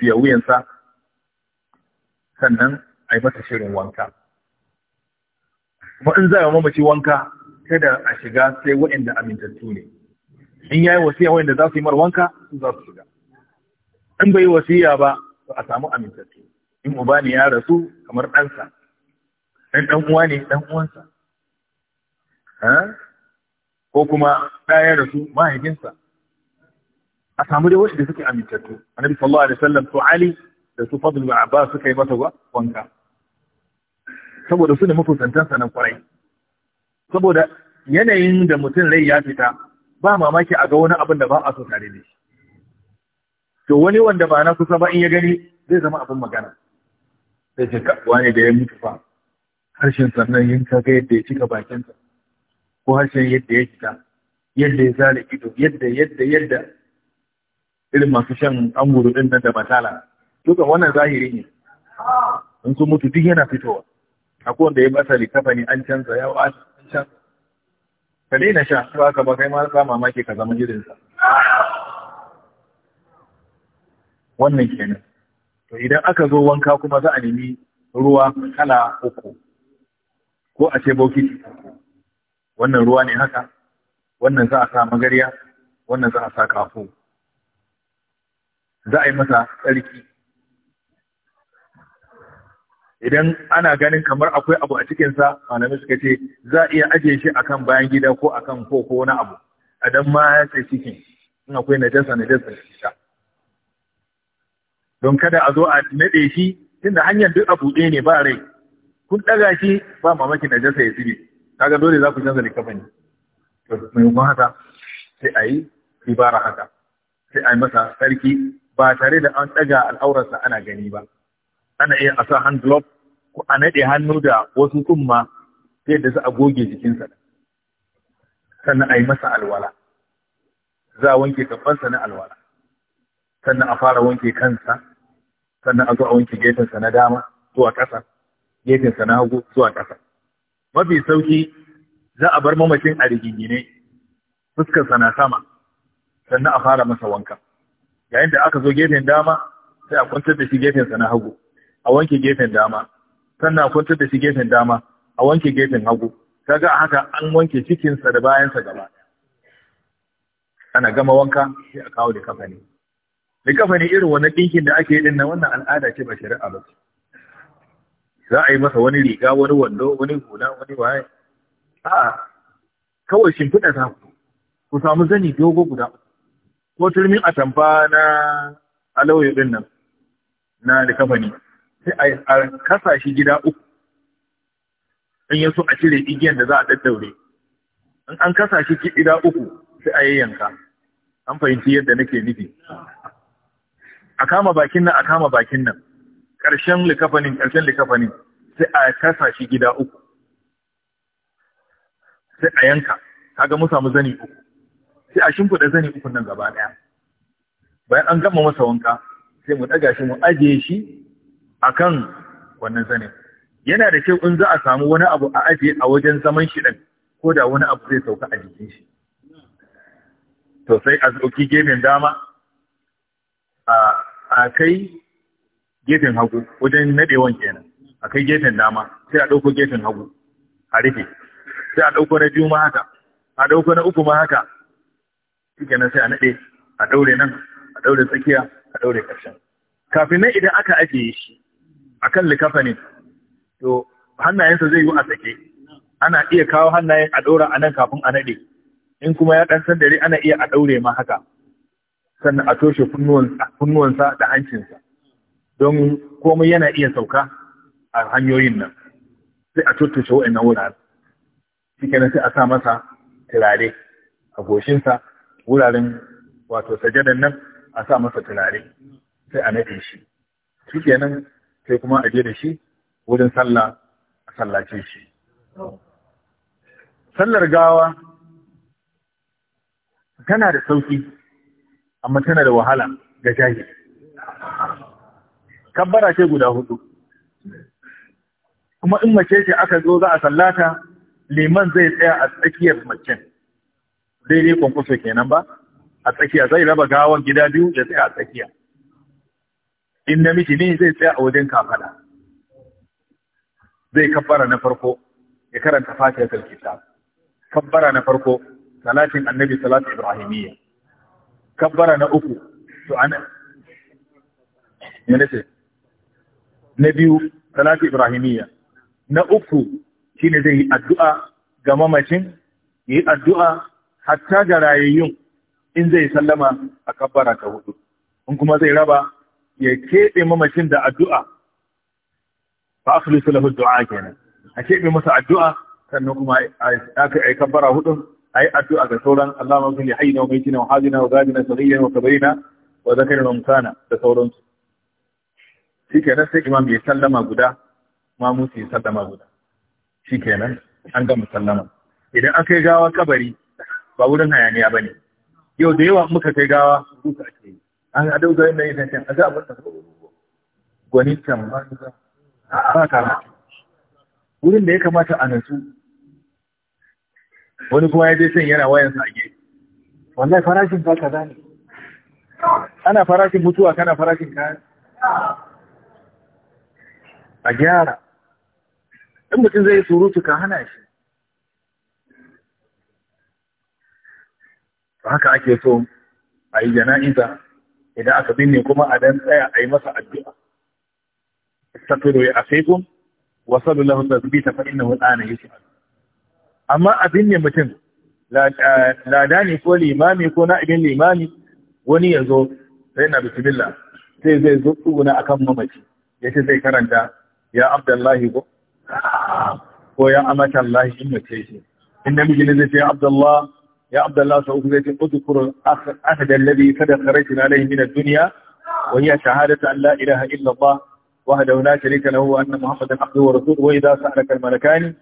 ya wuyansa sannan a yi masa shirin wanka kuma in za a mamaci wanka kada a shiga sai waɗanda amintattu ne in ya yi wasiya waɗanda za su yi mar wanka su za su shiga in bai yi wasiya ba a samu amintattu in uba ne ya rasu kamar ɗansa ɗan ɗan uwa ne ɗan uwansa ko kuma ɗaya rasu mahaifinsa a samu dai wasu da suke amintattu annabi sallallahu alaihi wasallam to ali da su fadl ba abbas suka yi masa wanka saboda su ne sanan kwarai saboda yanayin da mutum rai ya fita ba mamaki a ga wani abin da ba a so tare da shi to wani wanda ba na kusa ba in ya gani zai zama abin magana sai ce wani da ya mutu fa harshen sannan yin kaga yadda ya cika bakinsa ko harshen yadda ya fita yadda ya zale ido yadda yadda yadda irin masu shan anguru ɗin nan da matala dukan wannan zahiri ne in sun mutu duk yana fitowa akwai wanda ya masa ne an canza ya an canza ka daina sha su aka ba kai ma za mamaki ka zama jirinsa wannan kenan to idan aka zo wanka kuma za a nemi ruwa kala uku ko a ce bokiti wannan ruwa ne haka wannan za a sa magarya wannan za a sa kafo za a yi masa tsarki idan ana ganin kamar akwai abu a cikinsa malamai suka ce za a iya ajiye shi akan bayan gida ko akan ko ko wani abu a dan ma ya ce cikin in akwai najasa najasa shi fita. don kada a zo a naɗe shi tunda hanyar duk a buɗe ne ba rai kun ɗaga shi ba mamaki najasa ya zube kaga dole za ku canza ne to maimakon haka sai a yi ibara haka sai a yi masa tsarki. ba tare da an ɗaga al'aurarsa ana gani ba ana iya a sa hand glove ko a naɗe hannu da wasu tsumma yadda za a goge jikinsa sannan a yi masa alwala za a wanke gabansa na alwala sannan a fara wanke kansa sannan a zo a wanke gefensa na dama zuwa ƙasa gefensa na hagu zuwa ƙasa mafi sauƙi za a bar mamacin a rigingine fuskarsa na sama sannan a fara masa wanka yayin da aka zo gefen dama sai a kwantar da shi gefen sa na hagu a wanke gefen dama sannan a kwantar da shi gefen dama a wanke gefen hagu kaga a haka an wanke cikinsa da bayansa gaba ana gama wanka sai a kawo da kafa ne da kafa ne irin wannan ɗinkin da ake yi na wannan al'ada ce ba shari'a ba za a yi masa wani riga wani wando wani hula wani waye a'a kawai shimfiɗa ta ku ku samu zani dogo guda uku ko turmin atamfa na alawai din nan na likafani sai a kasa shi gida uku in yaso a cire igiyan da za a daddaure in an kasa shi gida uku sai a yayyanka an fahimci yadda nake nufi a kama bakin nan a kama bakin nan ƙarshen likafanin ƙarshen likafanin sai a kasa shi gida uku sai a yanka kaga mu samu zani uku sai a shimfiɗa zane ukun nan gaba ɗaya bayan an gama masa wanka sai mu ɗaga shi mu ajiye shi a kan wannan zanin yana da kyau in za a samu wani abu a ajiye a wajen zaman shi ɗin ko da wani abu zai sauka a jikin shi to sai a zoki gefen dama a kai gefen hagu wajen naɗewan kenan a kai gefen dama sai a ɗauko gefen hagu a rufe sai a ɗauko na biyu ma haka a ɗauko na uku ma haka shi sai a naɗe a ɗaure nan a ɗaure tsakiya a ɗaure ƙarshen kafin nan idan aka ajiye shi a kan likafa ne to hannayensa zai yi a sake ana iya kawo hannayen a ɗaura a nan kafin a naɗe in kuma ya ɗan dare ana iya a ɗaure ma haka sannan a toshe kunnuwansa da hancinsa don komai yana iya sauka a hanyoyin nan sai a tattace wa'annan wuraren shi sai a sa masa turare a goshinsa wuraren wato sajadan nan a sa masa turare sai a naɗe shi shi kenan sai kuma a je da shi wurin sallah a sallace shi sallar gawa tana da sauki amma tana da wahala ga jahili kabbara ce guda hudu kuma in mace ce aka zo za a sallata liman zai tsaya a tsakiyar macen daidai kwankwaso kenan ba a tsakiya zai raba gawan gida biyu da tsaya a tsakiya in namiji ne zai tsaya a wajen kafada zai kafara na farko ya karanta fatihatul kitab kafara na farko salatin annabi salatu ibrahimiyya kafara na uku to ana ce na biyu salatu ibrahimiyya na uku shine zai yi addu'a ga mamacin yi addu'a hatta ga rayayyun in zai sallama a kabbara ta hudu in kuma zai raba ya keɓe mamacin da addu'a ba fa akhlisu lahu du'a kenan a keɓe masa addu'a sannan kuma a kabbara hudu yi addu'a ga sauran Allahumma kulli hayyina wa maitina wa hadina wa gadina saghira wa kabirina wa zakarina wa mutana da sauransu Shi kenan sai imam ya sallama guda mamu su ya sallama guda Shi kenan an gama sallama idan aka yi gawa kabari ba wurin hayaniya ba ne yau da yawa muka kai gawa duka ake yi an a dauga yin da yin tantan a za a bar ta gwani can ba ba ka wurin da ya kamata a nasu wani kuma ya je can yana wayan sa ake wallahi farashin ba kaza ne ana farashin mutuwa kana farashin kayan a gyara in mutum zai surutu ka hana shi haka ake so a yi jana'iza idan aka binne kuma a dan tsaya a yi masa addu'a istaghfiru ya afikum wa sallallahu tasbita fa innahu al'ana yus'al amma a binne mutum eh, lada ne ko limami ko na na'ibin limami wani ya zo sai na bismillah sai zai zo tsuguna akan mamaci ya ce zai karanta ya abdullahi ko ko ya amata Allah in mace shi in namiji ne zai ce ya abdullahi يا عبد الله سأقول لك اذكر العهد الذي قد خرجنا عليه من الدنيا وهي شهادة أن لا إله إلا الله وحده لا شريك له وأن محمدا عبده ورسوله وإذا سألك الملكان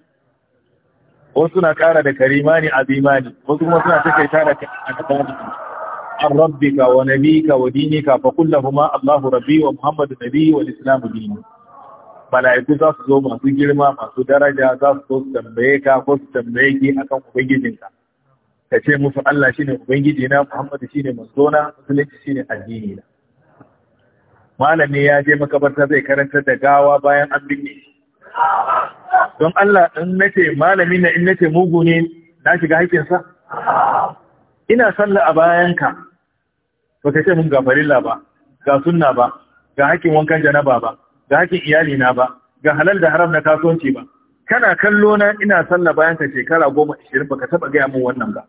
وسنا كان كريمان عظيمان وسنا سنا تكيتان عن ربك ونبيك ودينك فقل لهما الله ربي ومحمد نبي والإسلام ديني mala'iku za su zo masu girma masu daraja za su zo su tambaye ka ko su tambaye ki akan ubangijinka ka ce musu Allah shi ne ubangiji na Muhammadu shi ne Mazzona, musulunci ne addini na malami ya je makabarta zai karantar da gawa bayan an binne don Allah in nace malami na in nace mugu ne na shiga haƙƙinsa ina sallah a bayanka ka ce mun ga farilla ba ga sunna ba ga haƙƙin wankan janaba ba ga haƙƙin iyali na ba ga halal da haram na kasuwanci ba kana kallo na ina sallah bayan ka shekara goma ishirin ka taɓa gaya min wannan ba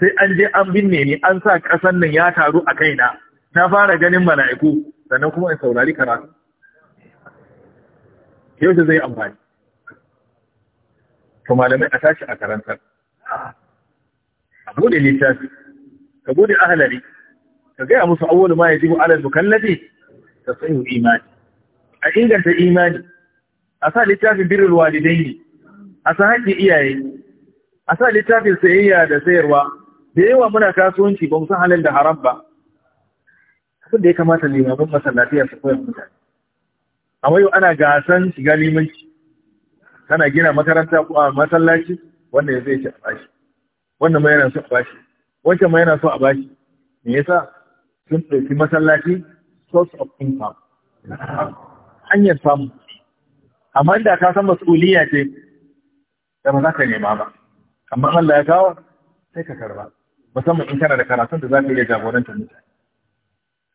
sai an je an binne ni an sa ƙasan nan ya taru a kaina na fara ganin mala'iku sannan kuma in saurari karatu da zai amfani to malamai a tashi a karantar a bude littafi ka bude ahalari ka gaya musu awwal ma yajibu ala mukallafi tasayu imani a inganta imani a sa littafin birrul walidaini a sa haƙƙin iyaye a sa littafin sayayya da sayarwa da yawa muna kasuwanci ba mu san halin da haram ba abin da ya kamata limamin masallatai su koyar mutane a yau ana gasan shiga limanci kana gina makaranta ko a masallaci wanda ya zai ci a bashi wannan ma yana so a bashi wancan ma yana so a bashi me yasa sun ɗauki masallaci source of income hanyar samu amma inda ka san mas'uliya ce da ba za ka nema ba amma Allah ya kawo sai ka karba musamman in kana da karatun da za ka iya jagoranta mutane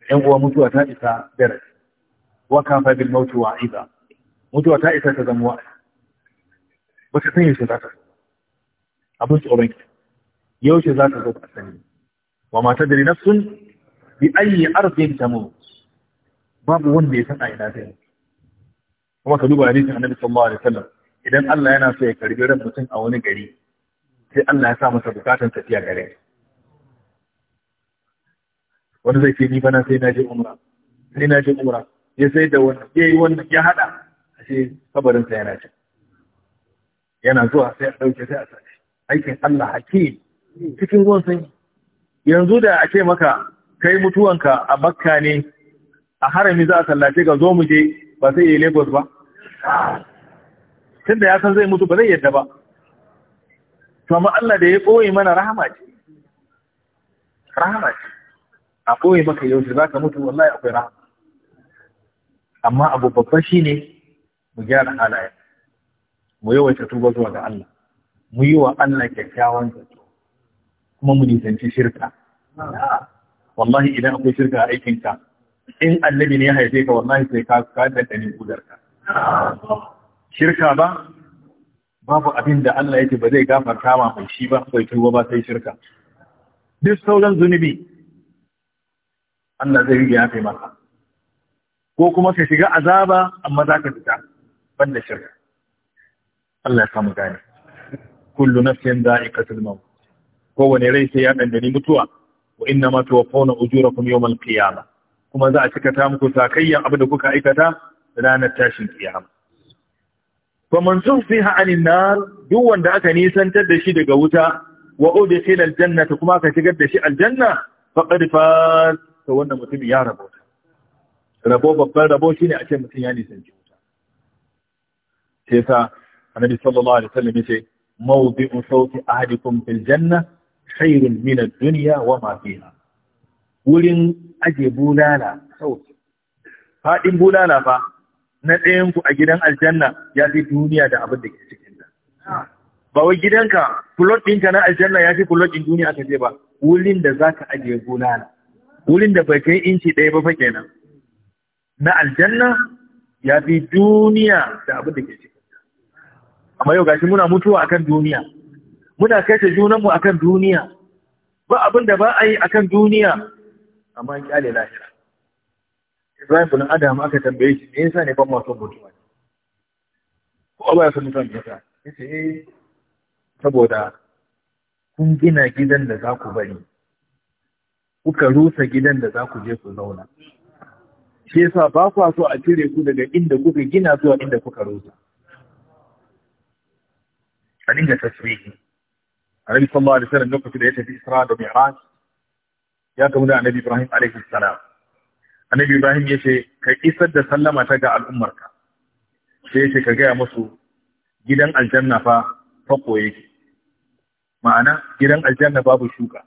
yan uwa mutuwa ta isa darasi wa kafa bil mautu iza mutuwa ta isa ta zama wa'azi ba ka san yaushe za ka? zo abin tsoron ki yaushe za ka zo ka sani wa mata da sun bi ayyi arzikin tamu babu wanda ya san a ina zai kuma ka duba hadisin annabi sallallahu alaihi wasallam idan Allah yana so ya karbi ran mutum a wani gari sai Allah ya sa masa bukatun tafiya gare wani zai fi ni bana sai na je umra sai na je umra ya sai da wannan ya yi wannan ya hada ashe kabarin sa yana can yana zuwa sai a dauke sai a sace aikin Allah haƙi cikin ruwan sanyi yanzu da a ce maka kai mutuwanka a Makka ne a harami za a sallace ka zo mu je ba sai ya Lagos ba tunda ya san zai mutu ba zai yadda ba to amma Allah da ya ɓoye mana rahama ce rahama ce a ɓoye maka yau za ka mutu wallahi akwai rahama amma abu babba shine mu gyara halaye mu yawaita tuba zuwa ga Allah mu yi wa Allah kyakkyawan zato kuma mu nisanci shirka wallahi idan akwai shirka a aikinka in annabi ne ya haife ka wallahi sai ka ka dandane ka. shirka ba babu abin da Allah yake ba zai gafarta ma mai shi ba bai tuba ba sai shirka duk sauran zunubi Allah zai yi yafe maka ko kuma ka shiga azaba amma za ka fita banda shirka Allah ya samu gane kullu nafsin da'iqatul maut kowane rai sai ya dandani mutuwa wa inna ma tuwaffawna ujurakum yawmal qiyamah kuma za a cika ta muku sakayyan abu da kuka aikata ranar tashin kiyama fa man zuhziha 'anil nar duk wanda aka nisantar da shi daga wuta wa udkhila al-jannata kuma aka shigar da shi aljanna faqad faz to wannan mutum ya rabota rabo babban rabo shine a ce mutum ya nisanci wuta sai yasa annabi sallallahu alaihi wasallam ce, mawdi'u sawti ahadikum fil janna khairun min ad-dunya wa ma fiha wurin aje bulala sauti fadin bulala fa na ɗayan ku a gidan aljanna ya fi duniya da abin da ke cikin ta ba wai gidanka kulot ɗinka na aljanna ya fi kulot ɗin duniya aka ce ba wurin da zaka aje bulala wurin da bai kai inci ɗaya ba fa kenan na aljanna ya fi duniya da abin da ke cikin amma yau gashi muna mutuwa akan duniya muna kashe junanmu akan duniya ba abin da ba a yi akan duniya amma ya kyale lafiya Ibrahim bin Adam aka tambaye shi me yasa ne ban ma son mutuwa ko ba ya son mutuwa me yasa yace eh saboda kun gina gidan da za ku bari kuka rusa gidan da za ku je ku zauna shi yasa ba kwa so a cire ku daga inda kuka gina zuwa inda kuka rusa a dinga A rabi sallallahu alaihi wasallam lokacin da ya tafi Isra da Mi'raj ya kamu da annabi Ibrahim alaihi salam annabi Ibrahim ya ce ka isar da sallama ta ga al'ummarka sai ya ce ka gaya musu gidan aljanna fa fako yake ma'ana gidan aljanna babu shuka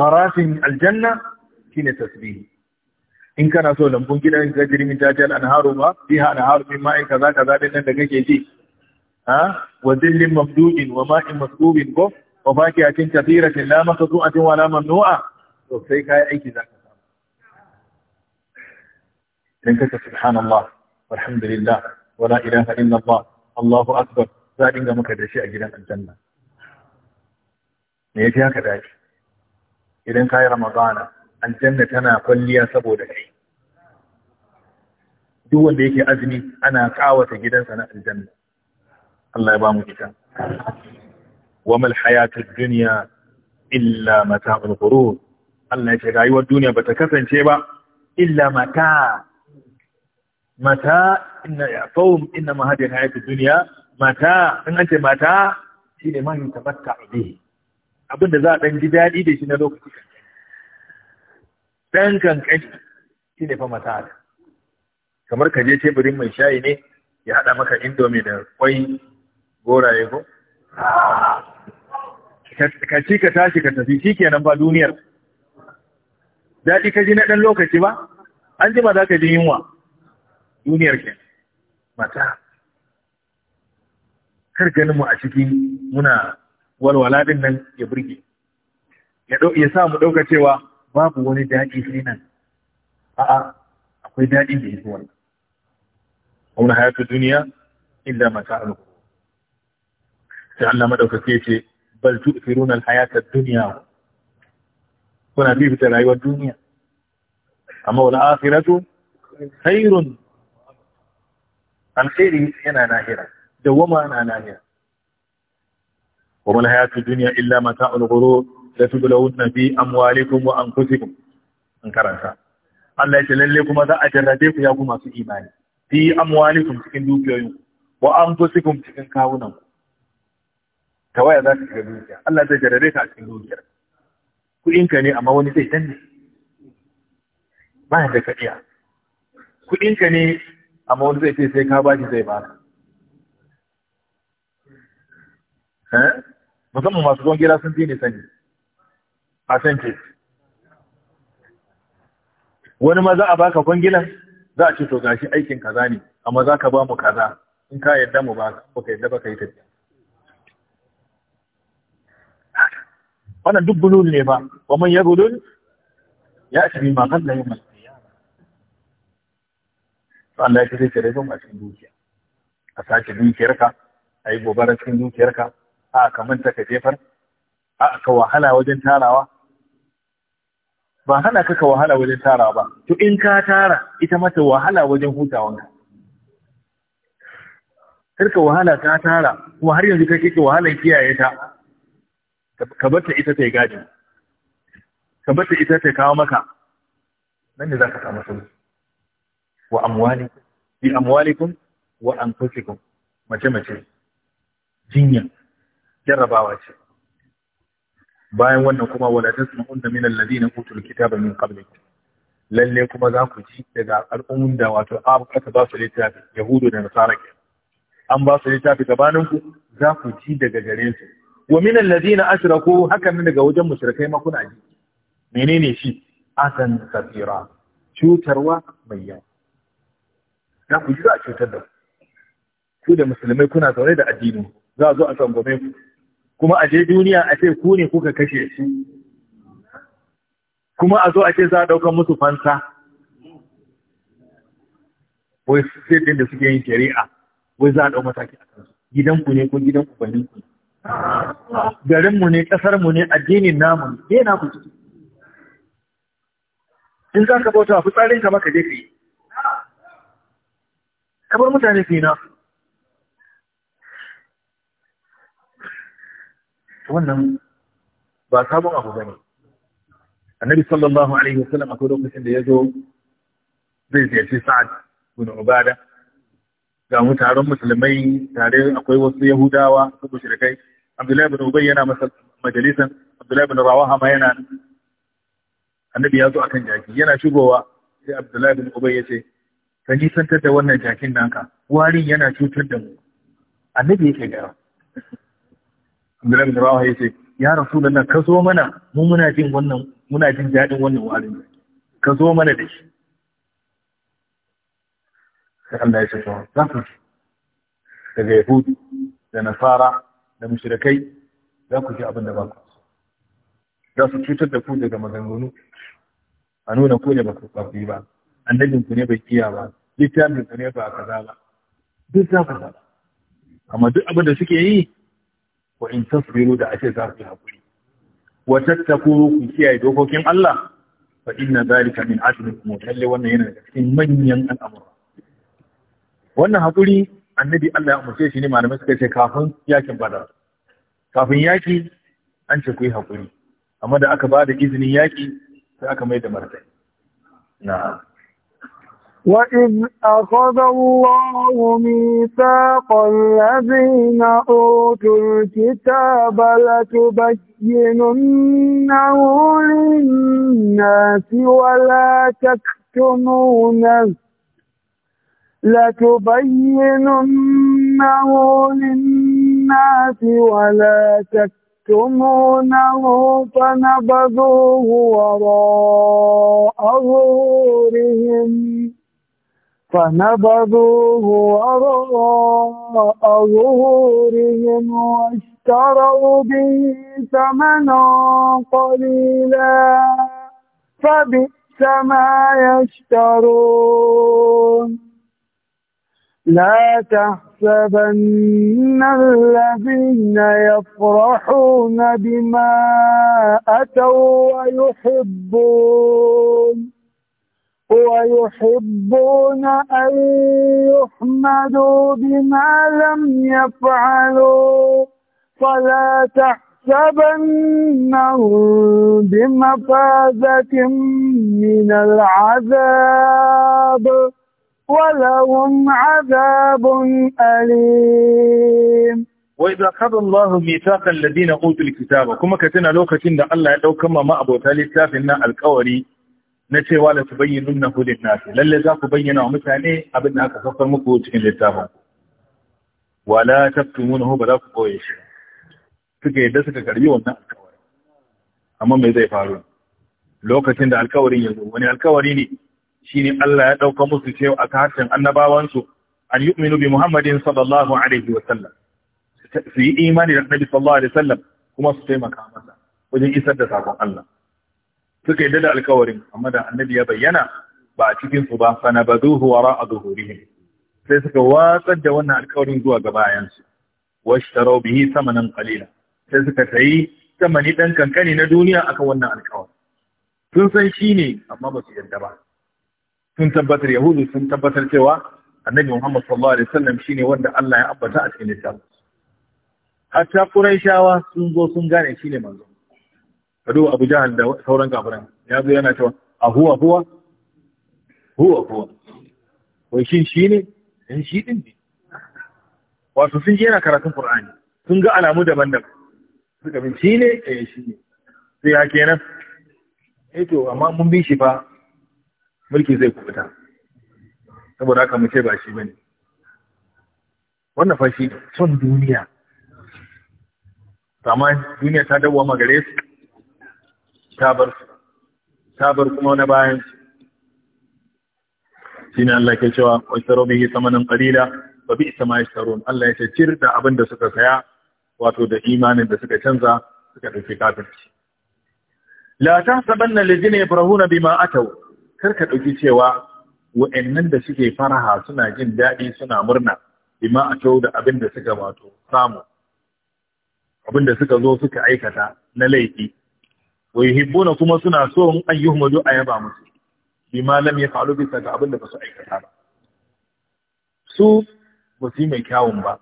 gharafin aljanna shine tasbihi in kana so lambun gidan ka jirmin ta ce anharu ba fiha anharu min ma'in kaza kaza din nan da kake ji ha wa dhillin mamdudin wa ma'in masdubin ko wa fakihatin kathiratin la maqtu'atin wa la mamnu'a to sai kai aiki zaka samu dan kace subhanallah walhamdulillah wala ilaha illa allah allahu akbar za dinga maka da shi a gidan aljanna me haka dace idan ka yi ramadana aljanna tana kwalliya saboda kai duk wanda yake azumi ana kawata gidansa na aljanna Allah ya ba mu ita wa mal hayatud dunya illa mata'ul ghurur Allah ya ce rayuwar duniya bata kasance ba illa mata mata inna ya fawm inna ma hadhihi hayatud dunya mata in an ce mata shine man tabatta bihi abin da za a ɗan ji daɗi da shi na lokaci ɗan kankashi shi ne fa masara kamar ka je teburin mai shayi ne ya haɗa maka indomi da kwai goraye ko ka ci ka tashi ka tafi shi kenan ba duniyar daɗi ka ji na ɗan lokaci ba an ji ma za ka ji yunwa duniyar ke mata kar ganin mu a ciki muna walwala din nan ya burge ya ya sa mu dauka cewa babu wani daɗi sai nan a'a akwai daɗi da yake wannan hayatu duniya illa mata'al sai Allah madaukake ce bal tu'thiruna al-hayata ad-dunya kuna fifita rayuwar duniya amma wal akhiratu khairun alkhairi yana nahira dawama na nahira وما الحياة الدنيا إلا متاع الغرور لتبلون في أموالكم وأنفسكم انكرنسا Allah ya ce lalle kuma za a jarrabe ku ya ku masu imani fi amwalikum cikin dukiyoyin wa anfusikum cikin kawunan ku za ka shiga dukiya Allah zai jarrabe ka a cikin dukiyar kuɗin ne amma wani zai danne ba da ka iya ne amma wani zai ce sai ka zai ba ka musamman masu zuwan gida sun fi sani a sance wani ma za a baka kwangilan za a ce to gashi aikin kaza ne amma za ka ba mu kaza in ka yadda mu ba ka yadda ba ka yi tafiya wannan duk bulul ne ba wa man yabulul ya ce bi ma kan da yamma to Allah ya kire ka da a cikin dukiya a sake dukiyarka yi gobara cikin dukiyarka a ka manta ka jefar a ka wahala wajen tarawa ba hana ka ka wahala wajen tarawa ba to in ka tara ita mata wahala wajen hutawanka karka wahala ka tara kuma har yanzu kake wahalar kiyaye ta ka bata ita ta yi ka bata ita ta kawo maka nan ne za ka samu sauki wa amwalikum bi amwalikum wa anfusikum mace mace jinya jarrabawa ce bayan wannan kuma wala tasma'unna min alladhina utul kitaba min qablik lalle kuma za ku ji daga al'ummun da wato abu aka ba su littafi yahudu da nasara ke an ba su littafi gabanin ku za ku ji daga gare su wa min alladhina ashraku hakan nan daga wajen mushrikai ma kuna ji menene shi asan Safira, cutarwa mai yawa za ku ji za a cutar da ku ku da musulmai kuna zaune da addini za a zo a tsangwame ku kuma a je duniya a ce ku ne kuka kashe shi. kuma a zo a ce za a ɗaukar musu fansa wai sai da suke yin shari'a wai za a ɗau mataki a kansu gidanku ne ko gidan ubanninku garinmu ne ƙasarmu ne addinin namu ne na ku ciki in za ka bauta fitsarinka maka je ka yi kabar mutane fi nasu wannan ba sabon abu ba ne. annabi sallallahu alaihi wasallam akwai lokacin da ya zo zai ziyarci sa'ad bin ubada ga mu taron musulmai tare akwai wasu yahudawa su kai. abdullahi bin ubay yana majalisan abdullahi bin rawaha ma yana annabi ya zo akan jaki yana shigowa sai abdullahi bin ubay ya ce ka nisantar da wannan jakin naka warin yana cutar da mu annabi yake gaya Abdullahi bin Rawaha ce, ya Rasulullah ka so mana mu muna jin wannan muna jin dadin wannan wa'azin ka zo mana da shi sai Allah ya ce to zaka daga Yahudi da Nasara da mushrikai za ku ji abin da ba ku za su cutar da ku daga maganganu a nuna ku ne ba ku ƙarfi ba annabin ku ne bai kiya ba littafin ku ne ba kaza ba duk za ku amma duk abin da suke yi wa in tasbiru da ashe za ku haƙuri wa tattaku ku kiyaye dokokin Allah fa inna zalika min kuma Talle wannan yana daga cikin manyan al'amura wannan hakuri annabi Allah ya umarce shi ne malamai suka ce kafin yakin bada. kafin yaki an ce ku yi haƙuri amma da aka ba da izinin yaki sai aka mai da martani na'am وَإِذْ أَخَذَ اللَّهُ مِيثَاقَ الَّذِينَ أُوتُوا الْكِتَابَ لَتُبَيِّنُنَّهُ لِلنَّاسِ وَلَا تَكْتُمُونَهُ لَتُبَيِّنُنَّهُ لِلنَّاسِ وَلَا تَكْتُمُونَهُ فَنَبَذُوهُ وَرَاءَ ظُهُورِهِمْ فنبذوه وراء ظهورهم واشتروا به ثمنا قليلا فبئس ما يشترون لا تحسبن الذين يفرحون بما أتوا ويحبون ويحبون أن يحمدوا بما لم يفعلوا فلا تحسبنهم بمفازة من العذاب ولهم عذاب أليم وإذا أخذ الله ميثاق الذين أوتوا الكتاب كما كتنا لوكة إن الله يدعو كما ما أبو تالي الكافرنا الكوري na cewa la tubayyinunnahu lin nasu, lalle za ku bayyana wa mutane abin da aka saukar muku cikin littafin wala taktumunahu ba za ku koye shi suka yadda suka karbi wannan alkawari amma me zai faru lokacin da alkawarin ya zo wani alkawari ne shine Allah ya dauka musu cewa a harshen annabawansu an yu'minu bi Muhammadin sallallahu alaihi wa sallam su yi imani da Annabi sallallahu alaihi wa sallam kuma su taimaka masa wajen isar da sakon Allah suka yadda da alkawarin amma da annabi ya bayyana ba a cikin su ba a wara zuhurihim sai suka watsar da wannan alkawarin zuwa ga bayan su washtaraw bihi thamanan qalila sai suka sayi thamani dan kankani na duniya akan wannan alkawarin sun san ne, amma ba su yadda ba sun tabbatar yahudu sun tabbatar cewa annabi Muhammad sallallahu alaihi wasallam shine wanda Allah ya ambata a cikin littafin hatta Qurayshawa sun zo sun gane shine manzo ka abu jahal da sauran kafiran ya zo yana cewa a huwa huwa huwa huwa wai shi shi ne dan shi din ne wato sun je yana karatun qur'ani sun ga alamu daban-daban suka bin shi ne eh shi ne sai ya kenan eh to amma mun bi shi fa mulki zai kubuta saboda haka mu ce ba shi bane wannan fa shi son duniya amma duniya ta dawo magare su ta bar kuma wani bayan su Shi ne Allah ke cewa wasu ishtaro bihi samanin ƙalila ba bi ma yashtarun Allah ya ce cir da abin da suka saya wato da imanin da suka canza suka dauki kafirci la tahsabanna allazina yafrahuna bima ataw kar ka dauki cewa wa'annan da suke faraha suna jin daɗi suna murna bima ataw da abin da suka wato samu abin da suka zo suka aikata na laifi wa yuhibbuna kuma suna so in an yuhmadu a yaba musu bima lam yaf'alu bisa ga abin da ba su aikata ba su ba su yi mai kyawun ba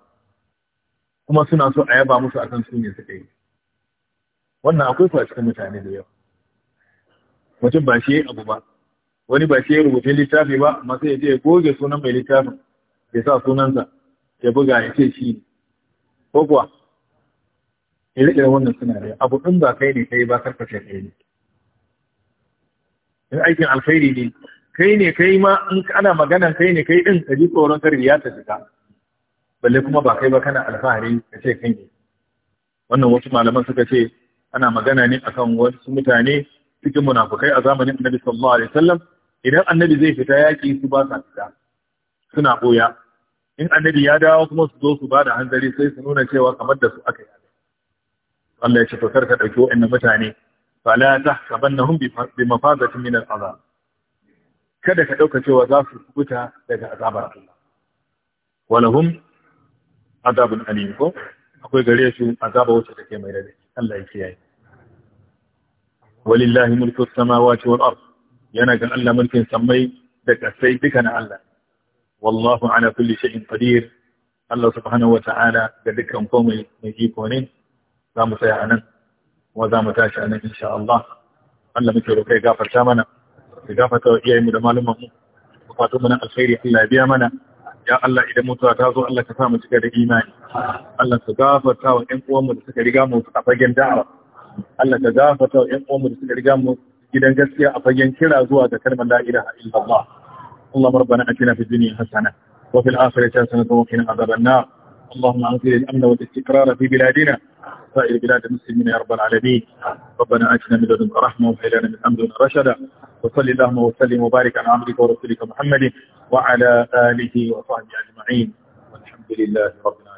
kuma suna so a yaba musu akan su ne suka yi wannan akwai ku a cikin mutane da yawa mutum ba shi abu ba wani ba shi ya rubuta littafi ba amma sai ya je ya goge sunan mai littafin ya sa sunansa ya buga ya ce shi ne ko kuwa ire wannan suna da abu ɗin ba kai ne kai ba karkace kai ne in aikin alkhairi ne kai ne kai ma in ana magana kai ne kai ɗin ka ji tsoron karbiya ta shiga balle kuma ba kai ba kana alfahari ka ce kai ne wannan wasu malaman suka ce ana magana ne akan wasu mutane cikin munafukai a zamanin annabi sallallahu alaihi wasallam idan annabi zai fita yaki su ba sa fita suna boya in annabi ya dawo kuma su zo su ba da hanzari sai su nuna cewa kamar da su aka yi Allah ya ce to karka dauki wa'annan mutane fala tahsabannahum bi mafazatin min al'azab kada ka ɗauka cewa za su kubuta daga azabar Allah hun, azabin alim ko akwai gare su azaba wacce take mai rade Allah ya kiyaye walillahi mulku samawati wal ard yana ga Allah mulkin samai da kasai duka na Allah wallahu ana kulli shay'in qadir Allah subhanahu wa ta'ala ga dukkan komai mai iko ne za mu tsaya a nan kuma za mu tashi a nan insha Allah Allah muke roƙa ya gafarta mana ya gafarta wa iyayenmu da malaman mu Ku bukatu mana alkhairi Allah ya biya mana ya Allah idan mutuwa ta zo Allah ka sa mu cika da imani Allah ka gafarta wa ƴan uwanmu da suka riga mu a fagen da'awa Allah ka gafarta wa ƴan uwanmu da suka riga mu gidan gaskiya a fagen kira zuwa ga kalmar la ilaha illallah اللهم ربنا اتنا في الدنيا حسنه وفي الاخره حسنه وقنا عذاب النار اللهم أنزل الأمن والاستقرار في بلادنا سائر بلاد المسلمين يا رب العالمين ربنا آتنا من لدنك رحمة وهب من أمرنا رشدا وصل اللهم وسلم وبارك على عبدك ورسولك محمد وعلى آله وصحبه أجمعين والحمد لله رب العالمين